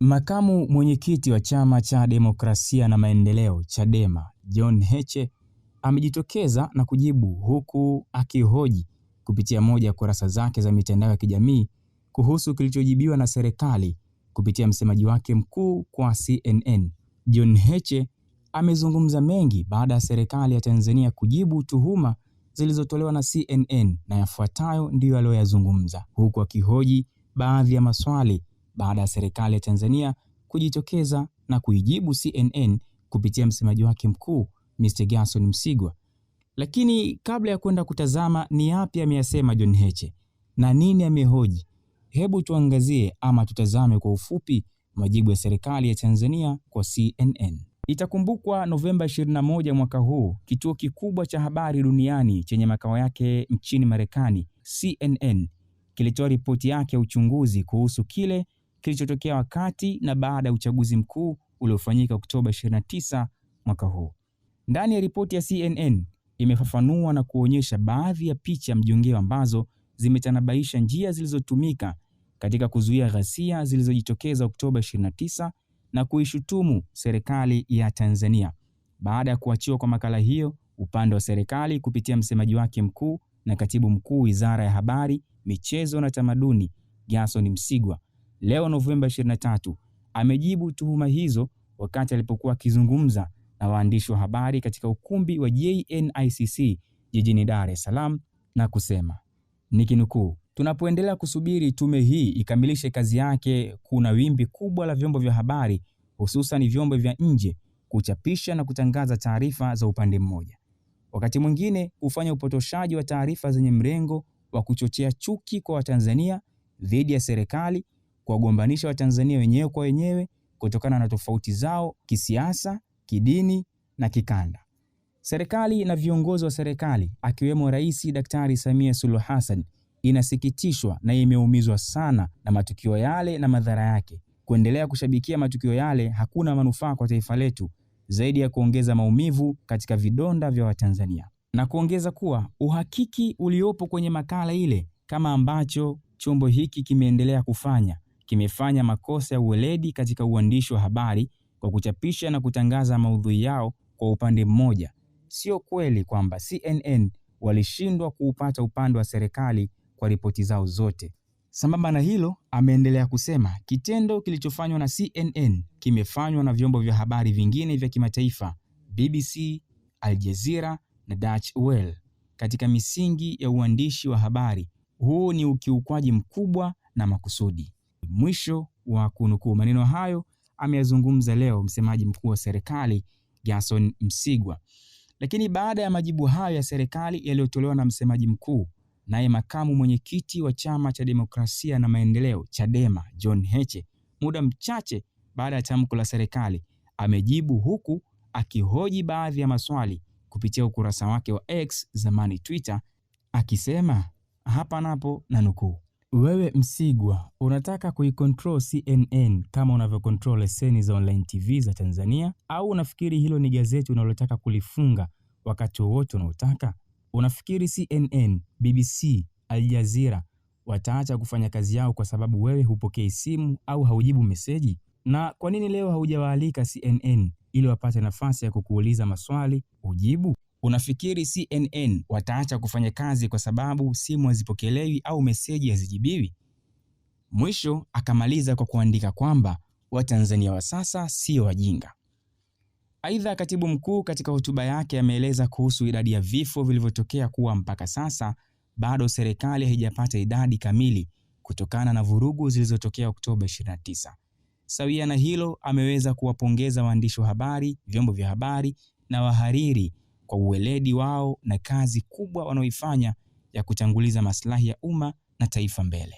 Makamu mwenyekiti wa Chama cha Demokrasia na Maendeleo Chadema, John Heche amejitokeza na kujibu huku akihoji kupitia moja ya kurasa zake za mitandao ya kijamii kuhusu kilichojibiwa na serikali kupitia msemaji wake mkuu kwa CNN. John Heche amezungumza mengi baada ya serikali ya Tanzania kujibu tuhuma zilizotolewa na CNN na yafuatayo ndiyo aliyoyazungumza, huku akihoji baadhi ya maswali baada ya serikali ya Tanzania kujitokeza na kuijibu CNN kupitia msemaji wake mkuu Mr. Gerson Msigwa. Lakini kabla ya kwenda kutazama ni yapi ameyasema John Heche na nini amehoji, hebu tuangazie ama tutazame kwa ufupi majibu ya serikali ya Tanzania kwa CNN. Itakumbukwa Novemba 21 mwaka huu, kituo kikubwa cha habari duniani chenye makao yake nchini Marekani, CNN kilitoa ripoti yake ya uchunguzi kuhusu kile kilichotokea wakati na baada ya uchaguzi mkuu uliofanyika Oktoba 29 mwaka huu. Ndani ya ripoti ya CNN imefafanua na kuonyesha baadhi ya picha mjongeo ambazo zimetanabaisha njia zilizotumika katika kuzuia ghasia zilizojitokeza Oktoba 29 na kuishutumu serikali ya Tanzania. Baada ya kuachiwa kwa makala hiyo, upande wa serikali kupitia msemaji wake mkuu na katibu mkuu Wizara ya Habari, Michezo na Tamaduni, Gerson Msigwa leo Novemba 23 amejibu tuhuma hizo wakati alipokuwa akizungumza na waandishi wa habari katika ukumbi wa JNICC jijini Dar es Salaam na kusema nikinukuu, tunapoendelea kusubiri tume hii ikamilishe kazi yake, kuna wimbi kubwa la vyombo vya habari hususan vyombo vya nje kuchapisha na kutangaza taarifa za upande mmoja, wakati mwingine hufanya upotoshaji wa taarifa zenye mrengo wa kuchochea chuki kwa Watanzania dhidi ya serikali kuwagombanisha Watanzania wenyewe kwa wenyewe kutokana na tofauti zao kisiasa, kidini na kikanda. Serikali na viongozi wa serikali akiwemo Rais Daktari Samia Suluhu Hassan inasikitishwa na imeumizwa sana na matukio yale na madhara yake. Kuendelea kushabikia matukio yale hakuna manufaa kwa taifa letu zaidi ya kuongeza maumivu katika vidonda vya Watanzania, na kuongeza kuwa uhakiki uliopo kwenye makala ile, kama ambacho chombo hiki kimeendelea kufanya, kimefanya makosa ya uweledi katika uandishi wa habari kwa kuchapisha na kutangaza maudhui yao kwa upande mmoja. Sio kweli kwamba CNN walishindwa kuupata upande wa serikali kwa ripoti zao zote. Sambamba na hilo, ameendelea kusema kitendo kilichofanywa na CNN kimefanywa na vyombo vya habari vingine vya kimataifa, BBC, Al Jazeera na Deutsche Welle, katika misingi ya uandishi wa habari. Huu ni ukiukwaji mkubwa na makusudi. Mwisho wa kunukuu. Maneno hayo ameyazungumza leo msemaji mkuu wa serikali Gerson Msigwa. Lakini baada ya majibu hayo ya serikali yaliyotolewa na msemaji mkuu, naye makamu mwenyekiti wa chama cha demokrasia na maendeleo Chadema John Heche, muda mchache baada ya tamko la serikali, amejibu huku akihoji baadhi ya maswali kupitia ukurasa wake wa X, zamani Twitter, akisema hapa napo na nukuu wewe Msigwa, unataka kuikontrol CNN kama unavyokontrol leseni za online TV za Tanzania, au unafikiri hilo ni gazeti unalotaka kulifunga wakati wowote unaotaka? Unafikiri CNN, BBC, Al Jazeera wataacha kufanya kazi yao kwa sababu wewe hupokei simu au haujibu meseji? Na kwa nini leo haujawaalika CNN ili wapate nafasi ya kukuuliza maswali ujibu? Unafikiri CNN wataacha kufanya kazi kwa sababu simu hazipokelewi au meseji hazijibiwi? Mwisho akamaliza kwa kuandika kwamba Watanzania wa sasa sio wajinga. Aidha, katibu mkuu katika hotuba yake ameeleza kuhusu idadi ya vifo vilivyotokea kuwa mpaka sasa bado serikali haijapata idadi kamili kutokana na vurugu zilizotokea Oktoba 29. Sawia na hilo, ameweza kuwapongeza waandishi wa habari, vyombo vya habari na wahariri kwa uweledi wao na kazi kubwa wanaoifanya ya kutanguliza maslahi ya umma na taifa mbele.